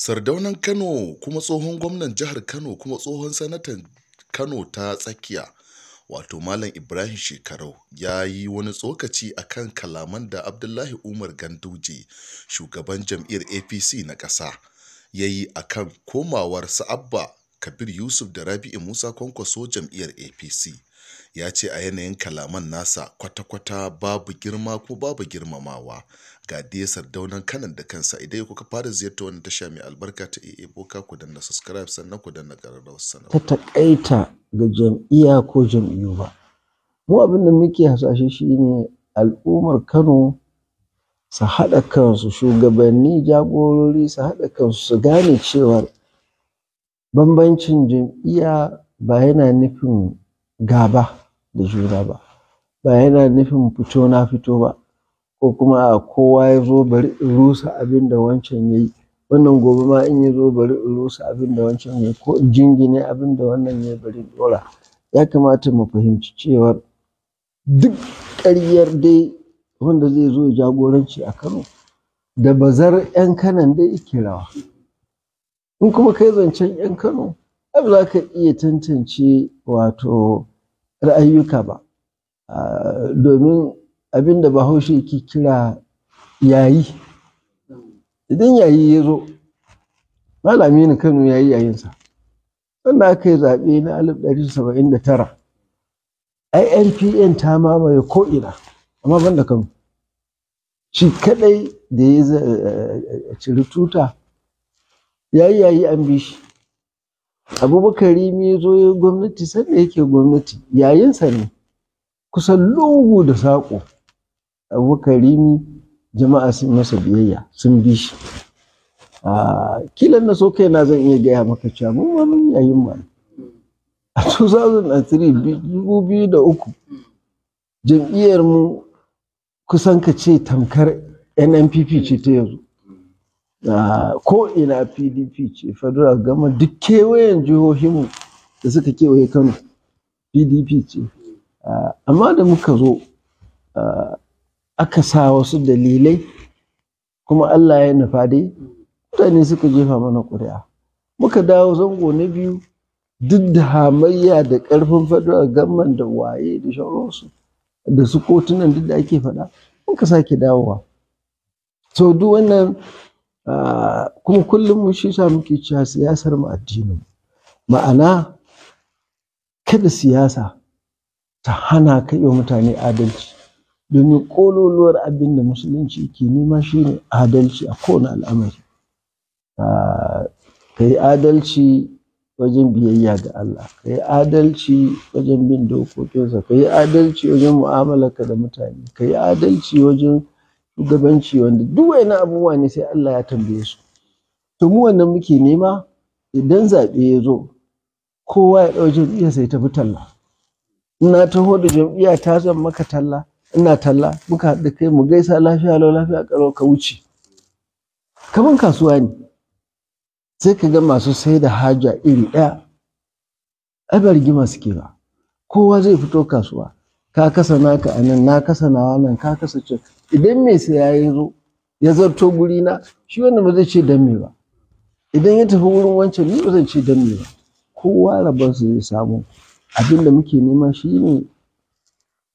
Sardaunan Kano kuma tsohon gwamnan jihar Kano kuma tsohon sanatan Kano ta tsakiya wato Malam Ibrahim Shekarau ya yi wani tsokaci a kan kalaman da Abdullahi Umar Ganduje shugaban jam'iyyar APC na ƙasa ya yi a kan komawar Sa'abba Kabir Yusuf da Rabi'u Musa Kwankwaso jam'iyyar APC. ya ce a yanayin kalaman nasa kwata-kwata babu girma ko babu girmamawa ga dai sardaunan kanan da kansa idan kuka fara ziyarta wani tasha mai albarka ta iya Boka ku na subscribe sannan ku na ƙararrawar sanarwa. Ta taƙaita ga jam'iyya ko jam'iyyu ba. Mu abin da muke hasashe shine al'ummar Kano su haɗa kansu shugabanni jagorori su haɗa kansu su gane cewar bambancin jam'iyya ba yana nufin gaba da juna ba ba yana nufin fito na fito ba ko kuma a kowa ya zo bari in rusa abin da wancan ya yi wannan gobe ma in ya zo bari in rusa abin da wancan ya yi ko in jingine abin da wannan ya bari in ɗora ya kamata mu fahimci cewar duk ƙaryar dai wanda zai zo ya jagoranci a Kano da bazar 'yan kanan dai yake rawa in kuma kai zancen 'yan Kano ba za ka iya tantance wato ra'ayyuka ba ah, domin abin da bahaushe ke kira yayi idan yayi ya zo malami na kano yayi yayinsa wanda aka yi zaɓe na 1979 inpn ta mamaye ko'ina amma ban da kano shi kadai da ya eh, eh, eh, ciri tuta yayi yayi an bi shi abubakari ya zo ya gwamnati sanda yake gwamnati yayinsa ne kusan lugu da saƙo abubakari jama'a sun masa biyayya sun bi shi a kilan na so kai na zan iya gaya maka cewa mun ma mun yayin ma a 2003 uku, jam'iyyar mu kusan ka ce tamkar nnpp ce ta yanzu ko ina pdp ce federal gama duk kewayen jihohinmu da suka kewaye kano pdp ce ah, amma da muka zo ah, aka sa wasu dalilai kuma allah ya nufa dai mutane suka jefa mana ƙuri'a muka dawo zango na biyu duk da hamayya da ƙarfin federal gamman da waye da shauransu da su kotunan duk da ake faɗa muka sake dawowa so duk wannan Ah, kuma kullum shi sa muke cewa siyasar mu addinin ma'ana kada siyasa ta hana kaiwa mutane adalci domin kololuwar abin da musulunci ke nema ne adalci a kowane al'amari ah, ka yi adalci wajen biyayya ga Allah ka yi adalci wajen bin dokokinsa ka yi adalci wajen mu'amalarka da mutane ka yi adalci wajen shugabanci wanda duk wani abubuwa ne sai Allah ya tambaye su to mu wannan muke nema idan zaɓe ya zo kowa ya ɗau iya sai tafi talla ina taho da jam'iyya ta zan maka talla ina talla muka haɗu kai mu gaisa lafiya lau lafiya ƙaro ka wuce kaman kasuwa ne sai ka ga masu sai da haja iri ɗaya abar gima suke ba kowa zai fito kasuwa ka kasa naka a nan na kasa nawa nan ka kasa can idan mai saya ya zo ya zarto guri na shi wanda ba zai ce dan me ba idan ya tafi wurin wancan ni ba zan ce dan me ba kowa rabon su zai samu abin da muke nema shi ne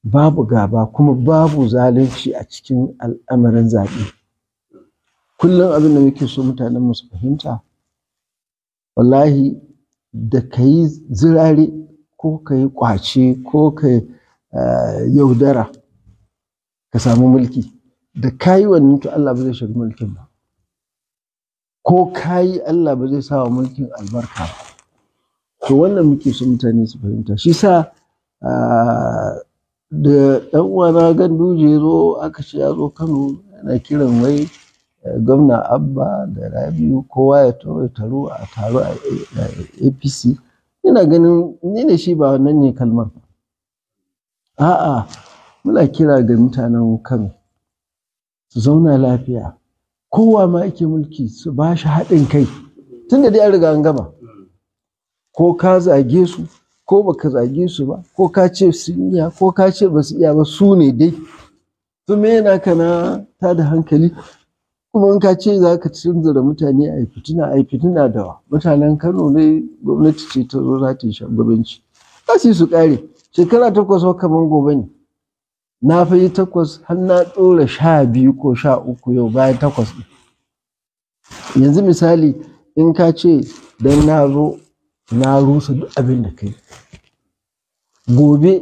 babu gaba kuma babu zalunci a cikin al'amarin zaɓe kullum abin da muke so mutanen mu su fahimta wallahi da ka yi zirare ko ka yi ƙwace ko ka eh, yaudara ka samu mulki da kayi wannan to Allah ba zai shiga mulkin ba ko kayi Allah ba zai sa mulkin albarka ba to wannan muke so mutane su fahimta shi sa da ɗan uwana ganduje ya zo aka ce ya zo Kano yana kiran wai eh, gwamna abba da rabiu kowa ya taro a taro a apc ina ganin ni ne shi ba wannan ne kalmar a'a muna kira ga mutanen kano su zauna lafiya kowa ma ake mulki su ba shi haɗin kai tun da dai an riga an gama ko ka zage su ko baka zage su ba ko ka ce sun iya ko ka ce ba su iya ba su ne dai su me yana kana ta da hankali kuma in ka ce za ka da mutane a yi fitina a yi fitina da mutanen kano ne gwamnati ce ta zo za ta yi shugabanci za su yi su ƙare shekara takwas kamar gobe ne na fi takwas har na ɗora sha biyu ko sha uku yau bayan takwas yanzu misali in ka ce don na zo na rusa duk abin da kai gobe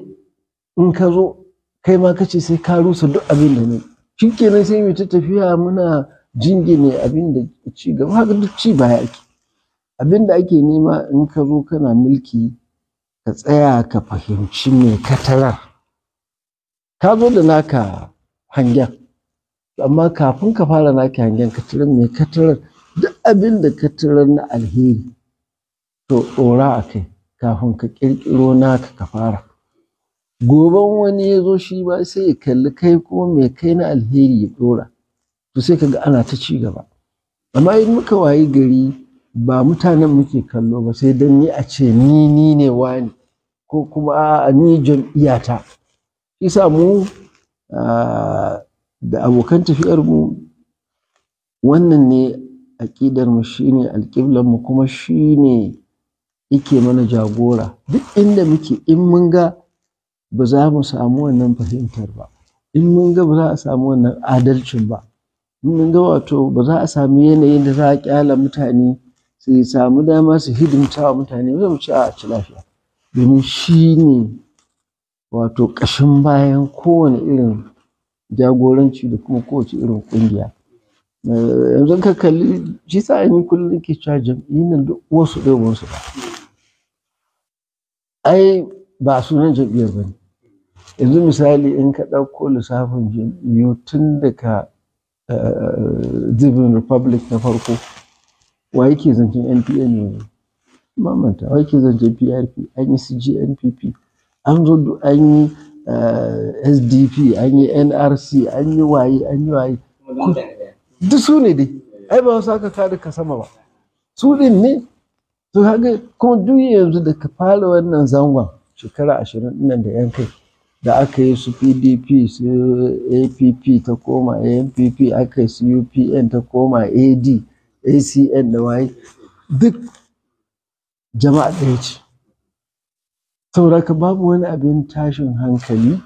in ka zo kai ma ka sai ka rusa duk abin da ne shi kenan sai mu ta tafiya muna ne abin da ci gaba haka duk ci baya ake abin da ake nema in ka zo kana mulki ka tsaya ka fahimci me ka ka zo da naka hangen amma kafin ka fara naka hangen ka tirar mai ka tirar duk abin da ka tirar na alheri to ɗora a kai kafin ka ƙirƙiro naka ka fara goben wani ya zo shi ba sai ya kalli kai ko mai kai na alheri ya ɗora to sai ka ga ana ta ci gaba amma in muka wayi gari ba mutanen muke kallo ba sai dan ni a ce ni ni ne wani ko kuma a ni jam'iyyata isa mu da abokan tafiyar mu wannan ne aƙidar mu shine alƙiblar mu kuma shine yake mana jagora duk inda muke in mun ga ba za mu samu wannan fahimtar ba in mun ga ba za a samu wannan adalcin ba in mun ga wato ba za a sami yanayin da za a kyala mutane su samu dama su hidimta wa mutane ba mu ci a ci lafiya domin shi ne wato ƙashin bayan kowane irin jagoranci da kuma kowace irin ƙungiya eh, yanzu ka kalli shi sa ainihin kullum ke cewa jam'i nan duk wasu ɗaya su ba ai ba sunan jam'iyyar ba ne yanzu misali in ka ɗauko lissafin jam'iyyu tun daga zibin eh, republic na farko wa yake zancen npn ne mamanta wa yake zancen prp an yi cgnpp an zo an yi eh, sdp an yi nrc an yi waye an yi waye duk su ne dai ai ba wasu aka kada ka sama ba su din ne to haka kuma duk yanzu da ka fara wannan zangon shekara ashirin ɗinan da yan kai da aka yi su pdp su app ta koma NPP aka yi su upn ta koma ad acn da waye duk jama'a ɗaya ce saboda babu wani abin tashin hankali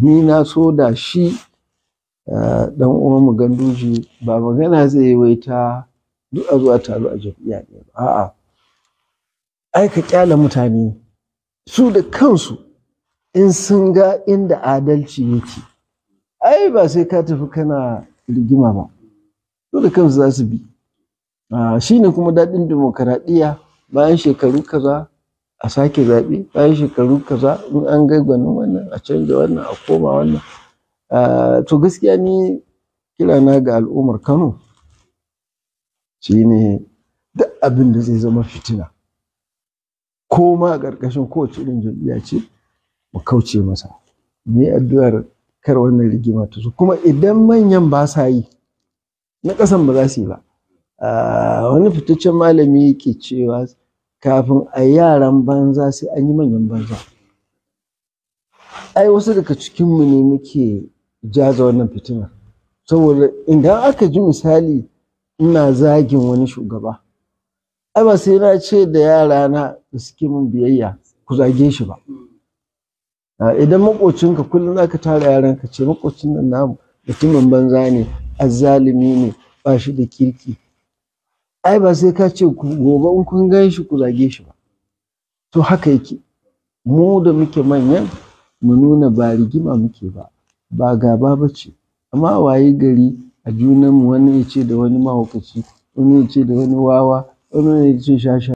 ni na so da shi dan mu ganduji ba magana zai yi wai ta duk a zuwa taro a jam'iyya ne ba a'a ai ka kyala mutane su da kansu in sun ga inda adalci yake ai ba sai ka tafi kana rigima ba su da kansu za su bi shi ne kuma daɗin dimokuraɗiyya bayan shekaru kaza a sake zaɓe bayan shekaru kaza in an ga gwanin wannan a canza wannan a koma wannan to gaskiya ni kira na ga al'ummar Kano shine duk abin da zai zama fitina ko ma a ƙarƙashin kowace irin jam'iyya ce mu kauce masa mu addu'ar kar wannan rigima ta zo kuma idan manyan ba sa yi na ƙasan ba za su yi ba wani fitaccen malami ke cewa kafin a yaran banza sai an yi manyan banza ai wasu daga cikinmu ne muke jaza wannan fitina saboda idan aka ji misali ina zagin wani shugaba ai ba sai na ce da yara na da suke min biyayya ku zage shi ba idan makocinka kullum zaka tara yaran ka ce makocin nan namu mutumin banza ne azzalimi ne ba shi da kirki ai ba sai ka ce gobe in kun gan shi ku zage shi ba to haka yake mu da muke manyan mu nuna ba rigima muke ba ba gaba ba ce amma waye gari a junanmu wani ya ce da wani mahaukaci wani ya ce da wani wawa wani ya ce shasha